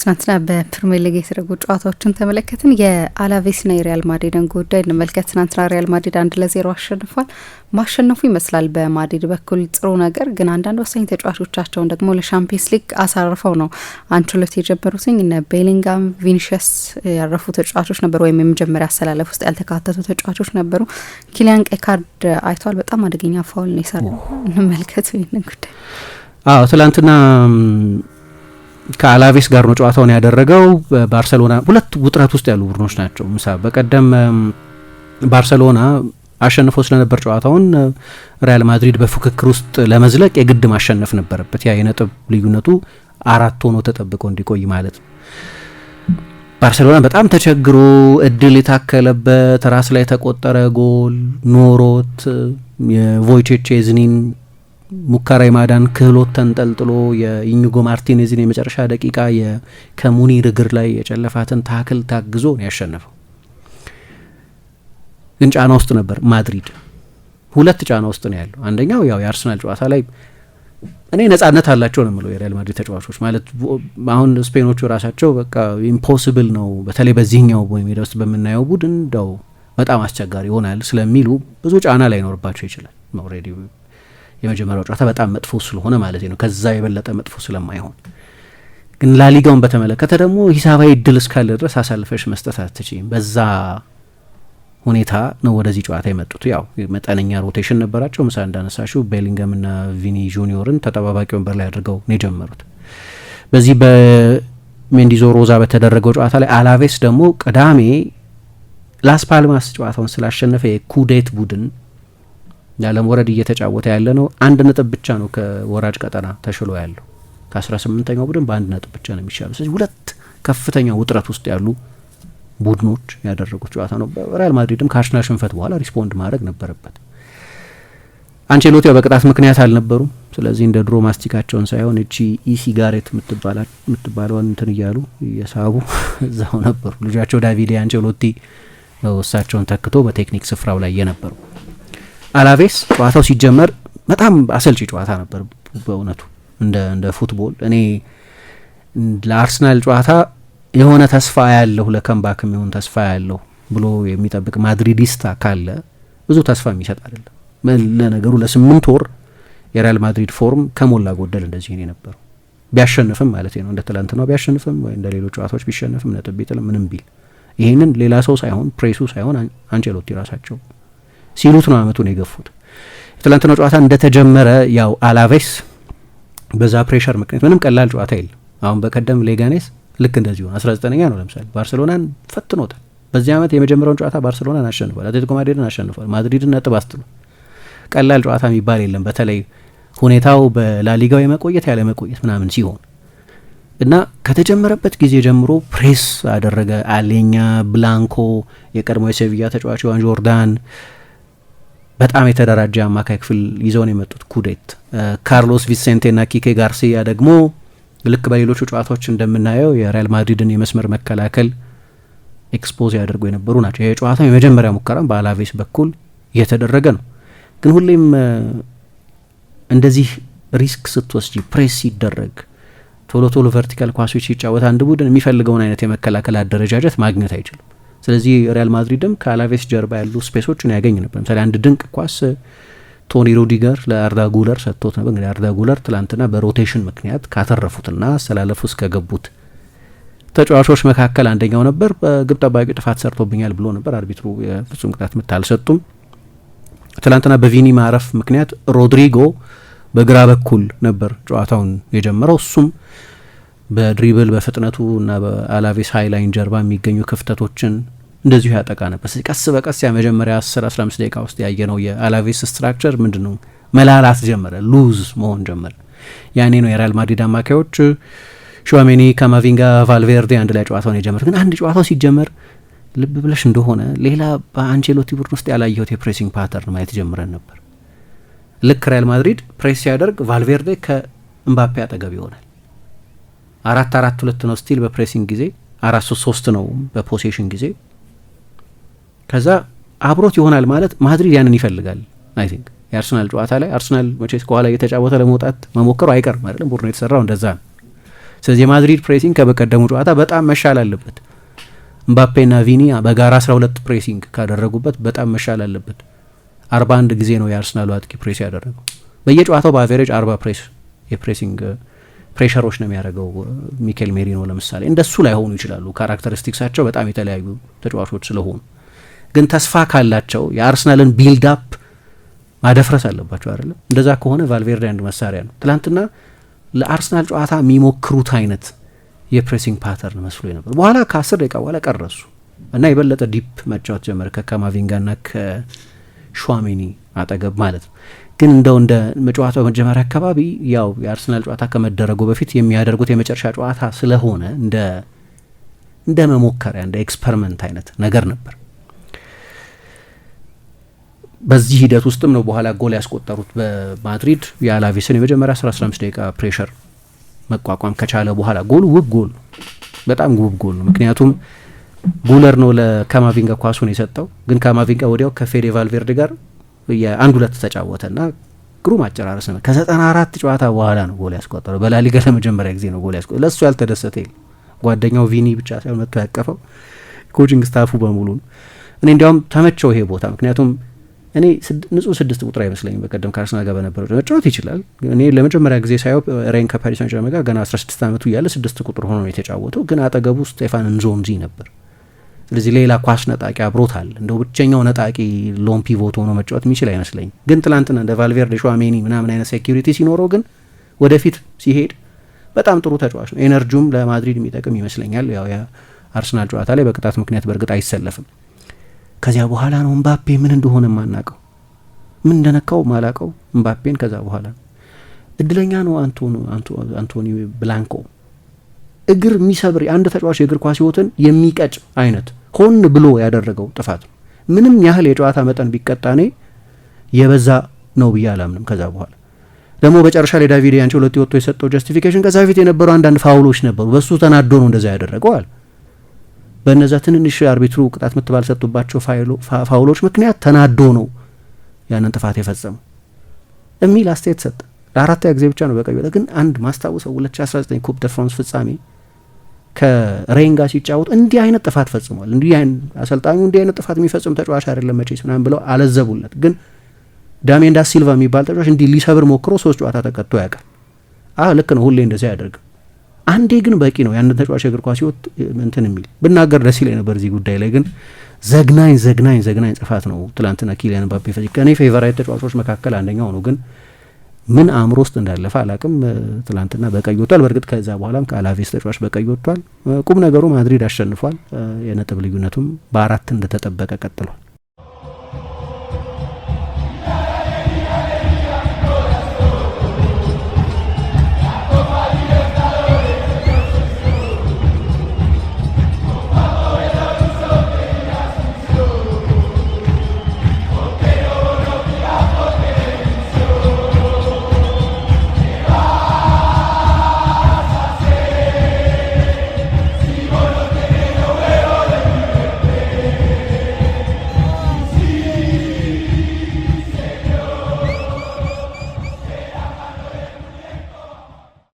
ትናንትና በፕሪሚየር ሊግ የተደረጉ ጨዋታዎችን ተመለከትን። የአላቬስና የሪያል ማድሪድን ጉዳይ እንመልከት። ትናንትና ሪያል ማድሪድ አንድ ለዜሮ አሸንፏል። ማሸነፉ ይመስላል በማድሪድ በኩል ጥሩ ነገር፣ ግን አንዳንድ ወሳኝ ተጫዋቾቻቸውን ደግሞ ለሻምፒየንስ ሊግ አሳርፈው ነው አንቸሎቲ የጀመሩትኝ። እነ ቤሊንጋም፣ ቪኒሽስ ያረፉ ተጫዋቾች ነበሩ፣ ወይም የመጀመሪያ አሰላለፍ ውስጥ ያልተካተቱ ተጫዋቾች ነበሩ። ኪሊያን ቀይ ካርድ አይቷል። በጣም አደገኛ ፋውል ነው የሰራው። እንመልከት ይህንን ጉዳይ አዎ ትላንትና ከአላቬስ ጋር ነው ጨዋታውን ያደረገው። ባርሰሎና ሁለት ውጥረት ውስጥ ያሉ ቡድኖች ናቸው። ምሳ በቀደም ባርሰሎና አሸንፎ ስለነበር ጨዋታውን ሪያል ማድሪድ በፉክክር ውስጥ ለመዝለቅ የግድ ማሸነፍ ነበረበት። ያ የነጥብ ልዩነቱ አራት ሆኖ ተጠብቆ እንዲቆይ ማለት ነው። ባርሴሎና በጣም ተቸግሮ እድል የታከለበት ራስ ላይ የተቆጠረ ጎል ኖሮት የቮይቼቼ ዝኒን ሙከራ የማዳን ክህሎት ተንጠልጥሎ የኢኒጎ ማርቲኔዝን የመጨረሻ ደቂቃ ከሙኒር እግር ላይ የጨለፋትን ታክል ታግዞ ነው ያሸነፈው። ግን ጫና ውስጥ ነበር ማድሪድ። ሁለት ጫና ውስጥ ነው ያለው። አንደኛው ያው የአርሰናል ጨዋታ ላይ እኔ ነጻነት አላቸው ነው የምለው የሪያል ማድሪድ ተጫዋቾች ማለት አሁን ስፔኖቹ ራሳቸው በቃ ኢምፖስብል ነው በተለይ በዚህኛው ሜዳ ውስጥ በምናየው ቡድን እንደው በጣም አስቸጋሪ ይሆናል ስለሚሉ ብዙ ጫና ላይኖርባቸው ይችላል ኦልሬዲ የመጀመሪያው ጨዋታ በጣም መጥፎ ስለሆነ ማለት ነው፣ ከዛ የበለጠ መጥፎ ስለማይሆን። ግን ላሊጋውን በተመለከተ ደግሞ ሂሳባዊ እድል እስካለ ድረስ አሳልፈሽ መስጠት አትችም። በዛ ሁኔታ ነው ወደዚህ ጨዋታ የመጡት። ያው መጠነኛ ሮቴሽን ነበራቸው። ምሳ እንዳነሳሽው ቤሊንገምና ቪኒ ጁኒዮርን ተጠባባቂ ወንበር ላይ አድርገው ነው የጀመሩት። በዚህ በሜንዲዞ ሮዛ በተደረገው ጨዋታ ላይ አላቬስ ደግሞ ቅዳሜ ላስፓልማስ ጨዋታውን ስላሸነፈ የኩዴት ቡድን ወረድ እየተጫወተ ያለ ነው። አንድ ነጥብ ብቻ ነው ከወራጅ ቀጠና ተሽሎ ያለው ከአስራ ስምንተኛው ቡድን በአንድ ነጥብ ብቻ ነው የሚሻለው። ስለዚህ ሁለት ከፍተኛ ውጥረት ውስጥ ያሉ ቡድኖች ያደረጉት ጨዋታ ነው። ሪያል ማድሪድም ከአርሰናል ሽንፈት በኋላ ሪስፖንድ ማድረግ ነበረበት። አንቼሎቲ በቅጣት ምክንያት አልነበሩም። ስለዚህ እንደ ድሮ ማስቲካቸውን ሳይሆን እቺ ኢሲጋሬት የምትባለውን እንትን እያሉ እየሳቡ እዛው ነበሩ። ልጃቸው ዳቪዴ አንቼሎቲ እሳቸውን ተክቶ በቴክኒክ ስፍራው ላይ የነበሩ አላቬስ ጨዋታው ሲጀመር በጣም አሰልቺ ጨዋታ ነበር። በእውነቱ እንደ እንደ ፉትቦል እኔ ለአርሰናል ጨዋታ የሆነ ተስፋ ያለሁ ለከምባክ የሚሆን ተስፋ ያለሁ ብሎ የሚጠብቅ ማድሪዲስታ ካለ ብዙ ተስፋ የሚሰጥ አይደለም። ለነገሩ ለስምንት ወር የሪያል ማድሪድ ፎርም ከሞላ ጎደል እንደዚህ ነው የነበረው። ቢያሸንፍም ማለት ነው እንደ ትላንትናው ቢያሸንፍም ወይ እንደ ሌሎች ጨዋታዎች ቢሸንፍም ነጥብ ቢጥልም ምንም ቢል ይህንን ሌላ ሰው ሳይሆን ፕሬሱ ሳይሆን አንቸሎቲ ራሳቸው ሲሉት ነው አመቱን የገፉት። የትላንትና ጨዋታ እንደተጀመረ ያው አላቬስ በዛ ፕሬሸር ምክንያት ምንም ቀላል ጨዋታ የለም። አሁን በቀደም ሌጋኔስ ልክ እንደዚሁ አስራ ዘጠነኛ ነው ለምሳሌ ባርሴሎናን ፈትኖታል። በዚህ ዓመት የመጀመሪያውን ጨዋታ ባርሴሎናን አሸንፏል። አትሌቲኮ ማድሪድን አሸንፏል። ማድሪድን ነጥብ አስጥሎ ቀላል ጨዋታ የሚባል የለም። በተለይ ሁኔታው በላሊጋው የመቆየት ያለ መቆየት ምናምን ሲሆን እና ከተጀመረበት ጊዜ ጀምሮ ፕሬስ አደረገ አሌኛ ብላንኮ፣ የቀድሞ የሴቪያ ተጫዋች ዋን ጆርዳን በጣም የተደራጀ አማካይ ክፍል ይዘው ነው የመጡት። ኩዴት ካርሎስ ቪሴንቴ ና ኪኬ ጋርሲያ ደግሞ ልክ በሌሎቹ ጨዋታዎች እንደምናየው የሪያል ማድሪድን የመስመር መከላከል ኤክስፖዝ ያደርጉ የነበሩ ናቸው። ይህ ጨዋታ የመጀመሪያ ሙከራም በአላቬስ በኩል እየተደረገ ነው። ግን ሁሌም እንደዚህ ሪስክ ስትወስጂ፣ ፕሬስ ሲደረግ፣ ቶሎ ቶሎ ቨርቲካል ኳሶች ሲጫወት አንድ ቡድን የሚፈልገውን አይነት የመከላከል አደረጃጀት ማግኘት አይችልም። ስለዚህ ሪያል ማድሪድም ከአላቬስ ጀርባ ያሉ ስፔሶችን ያገኝ ነበር። ምሳሌ አንድ ድንቅ ኳስ ቶኒ ሩዲገር ለአርዳ ጉለር ሰጥቶት ነበር። እንግዲህ አርዳ ጉለር ትላንትና በሮቴሽን ምክንያት ካተረፉትና አስተላለፉ እስከገቡት ከገቡት ተጫዋቾች መካከል አንደኛው ነበር። በግብ ጠባቂ ጥፋት ሰርቶብኛል ብሎ ነበር። አርቢትሩ የፍጹም ቅጣት ምት አልሰጡም። ትላንትና በቪኒ ማረፍ ምክንያት ሮድሪጎ በግራ በኩል ነበር ጨዋታውን የጀመረው እሱም በድሪብል በፍጥነቱ እና በአላቬስ ሀይላይን ጀርባ የሚገኙ ክፍተቶችን እንደዚሁ ያጠቃ ነበር። ቀስ በቀስ ያ መጀመሪያ 10 15 ደቂቃ ውስጥ ያየነው የአላቬስ ስትራክቸር ምንድን ነው መላላት ጀመረ፣ ሉዝ መሆን ጀመረ። ያኔ ነው የሪያል ማድሪድ አማካዮች ሹዋሜኒ፣ ካማቪንጋ፣ ቫልቬርዴ አንድ ላይ ጨዋታውን የጀመሩት። ግን አንድ ጨዋታው ሲጀመር ልብ ብለሽ እንደሆነ ሌላ በአንቼሎቲ ቡድን ውስጥ ያላየሁት የፕሬሲንግ ፓተርን ማየት ጀምረን ነበር። ልክ ሪያል ማድሪድ ፕሬስ ሲያደርግ ቫልቬርዴ ከእምባፔ አጠገብ ይሆናል አራት አራት ሁለት ነው ስቲል በፕሬሲንግ ጊዜ አራት ሶስት ሶስት ነው በፖሴሽን ጊዜ ከዛ አብሮት ይሆናል ማለት ማድሪድ ያንን ይፈልጋል አይ ቲንክ የአርሰናል ጨዋታ ላይ አርሰናል መቼስ ከኋላ እየተጫወተ ለመውጣት መሞከሩ አይቀርም አይደለም ቡድኑ የተሰራው እንደዛ ነው ስለዚህ የማድሪድ ፕሬሲንግ ከበቀደሙ ጨዋታ በጣም መሻል አለበት እምባፔና ቪኒ በጋራ ሁለት ፕሬሲንግ ካደረጉበት በጣም መሻል አለበት አንድ ጊዜ ነው የአርሰናሉ አጥቂ ፕሬስ ያደረገው በየጨዋታው በአቬሬጅ አርባ ፕሬስ የፕሬሲንግ ፕሬሸሮች ነው የሚያደርገው ሚኬል ሜሪኖ ለምሳሌ እንደሱ ላይሆኑ ይችላሉ። ካራክተሪስቲክሳቸው በጣም የተለያዩ ተጫዋቾች ስለሆኑ ግን ተስፋ ካላቸው የአርሰናልን ቢልድ አፕ ማደፍረስ አለባቸው አይደለም። እንደዛ ከሆነ ቫልቬርዴ አንድ መሳሪያ ነው። ትላንትና ለአርሰናል ጨዋታ የሚሞክሩት አይነት የፕሬሲንግ ፓተርን መስሎ ነበር። በኋላ ከአስር ደቂቃ በኋላ ቀረሱ እና የበለጠ ዲፕ መጫወት ጀመረ ከካማቪንጋና ሸሚኒ አጠገብ ማለት ነው። ግን እንደው እንደ ጨዋታው መጀመሪያ አካባቢ ያው የአርሰናል ጨዋታ ከመደረጉ በፊት የሚያደርጉት የመጨረሻ ጨዋታ ስለሆነ እንደ እንደ መሞከሪያ እንደ ኤክስፐሪመንት አይነት ነገር ነበር። በዚህ ሂደት ውስጥም ነው በኋላ ጎል ያስቆጠሩት በማድሪድ የአላቬስን የመጀመሪያ 15 ደቂቃ ፕሬሸር መቋቋም ከቻለ በኋላ ጎል ውብ ጎል ነው። በጣም ውብ ጎል ነው። ምክንያቱም ጉለር ነው ለካማቪንጋ ኳሱን የሰጠው። ግን ካማቪንጋ ወዲያው ከፌዴ ቫልቬርድ ጋር የአንድ ሁለት ተጫወተ ና ግሩም አጨራረስ ነው። ከዘጠና አራት ጨዋታ በኋላ ነው ጎል ያስቆጠረው። በላሊጋ ለመጀመሪያ ጊዜ ነው ጎል ያስቆጠረው። ለእሱ ያልተደሰተ የለም። ጓደኛው ቪኒ ብቻ ሳይሆን መጥቶ ያቀፈው ኮችንግ ስታፉ በሙሉ ነው። እኔ እንዲያውም ተመቸው ይሄ ቦታ ምክንያቱም እኔ ንጹህ ስድስት ቁጥር አይመስለኝም። በቀደም ከአርሰናል ጋር በነበረው መጫወት ይችላል። እኔ ለመጀመሪያ ጊዜ ሳየው ሬን ከፓሪስ ሴንት ጀርመን ጋር ገና 16 ዓመቱ እያለ ስድስት ቁጥር ሆኖ ነው የተጫወተው። ግን አጠገቡ ስቴፋን እንዞንዚ ነበር። ስለዚህ ሌላ ኳስ ነጣቂ አብሮታል። እንደው ብቸኛው ነጣቂ ሎን ፒቮት ሆኖ መጫወት የሚችል አይመስለኝም። ግን ትላንትና እንደ ቫልቬርዴ፣ ሸዋሜኒ ምናምን አይነት ሴኪሪቲ ሲኖረው ግን ወደፊት ሲሄድ በጣም ጥሩ ተጫዋች ነው። ኤነርጂውም ለማድሪድ የሚጠቅም ይመስለኛል። ያው የአርሰናል ጨዋታ ላይ በቅጣት ምክንያት በእርግጥ አይሰለፍም። ከዚያ በኋላ ነው እምባፔ ምን እንደሆነ የማናቀው፣ ምን እንደነካው ማላቀው እምባፔን ከዛ በኋላ ነው። እድለኛ ነው አንቶኒ ብላንኮ እግር የሚሰብር አንድ ተጫዋች የእግር ኳስ ህይወትን የሚቀጭ አይነት ሆን ብሎ ያደረገው ጥፋት ነው። ምንም ያህል የጨዋታ መጠን ቢቀጣ እኔ የበዛ ነው ብዬ አላምንም። ከዛ በኋላ ደግሞ በጨረሻ ላይ ዳቪድ ያንቺ ሁለት ወጥቶ የሰጠው ጀስቲፊኬሽን ከዛ በፊት የነበሩ አንዳንድ ፋውሎች ነበሩ። በሱ ተናዶ ነው እንደዛ አለ። በእነዛ ትንንሽ አርቢትሩ ቅጣት ምት ባልሰጡባቸው ፋውሎች ምክንያት ተናዶ ነው ያንን ጥፋት የፈጸመው የሚል አስተያየት ሰጠ። ለአራተኛ ጊዜ ብቻ ነው በቀይ ግን አንድ ማስታወሰው 2019 ኩፕ ደ ፍራንስ ፍጻሜ ከሬን ጋር ሲጫወቱ እንዲህ አይነት ጥፋት ፈጽሟል። እንዲህ አሰልጣኙ እንዲህ አይነት ጥፋት የሚፈጽም ተጫዋች አይደለም መቼስ ምናምን ብለው አለዘቡለት። ግን ዳሜንዳ ሲልቫ የሚባል ተጫዋች እንዲህ ሊሰብር ሞክሮ ሶስት ጨዋታ ተቀጥቶ ያውቃል። አዎ ልክ ነው፣ ሁሌ እንደዚህ አያደርግም። አንዴ ግን በቂ ነው ያንን ተጫዋች እግር ኳስ ህይወት እንትን የሚል ብናገር ደስ ይለኝ ነበር እዚህ ጉዳይ ላይ ግን ዘግናኝ ዘግናኝ ዘግናኝ ጥፋት ነው ትላንትና ኪሊያን ምባፔ ፈጅ ከእኔ ፌቨራይት ተጫዋቾች መካከል አንደኛው ነው ግን ምን አእምሮ ውስጥ እንዳለፈ አላቅም። ትላንትና በቀይ ወጥቷል። በእርግጥ ከዛ በኋላም ከአላቬስ ተጫዋች በቀይ ወጥቷል። ቁም ነገሩ ማድሪድ አሸንፏል። የነጥብ ልዩነቱም በአራት እንደተጠበቀ ቀጥሏል።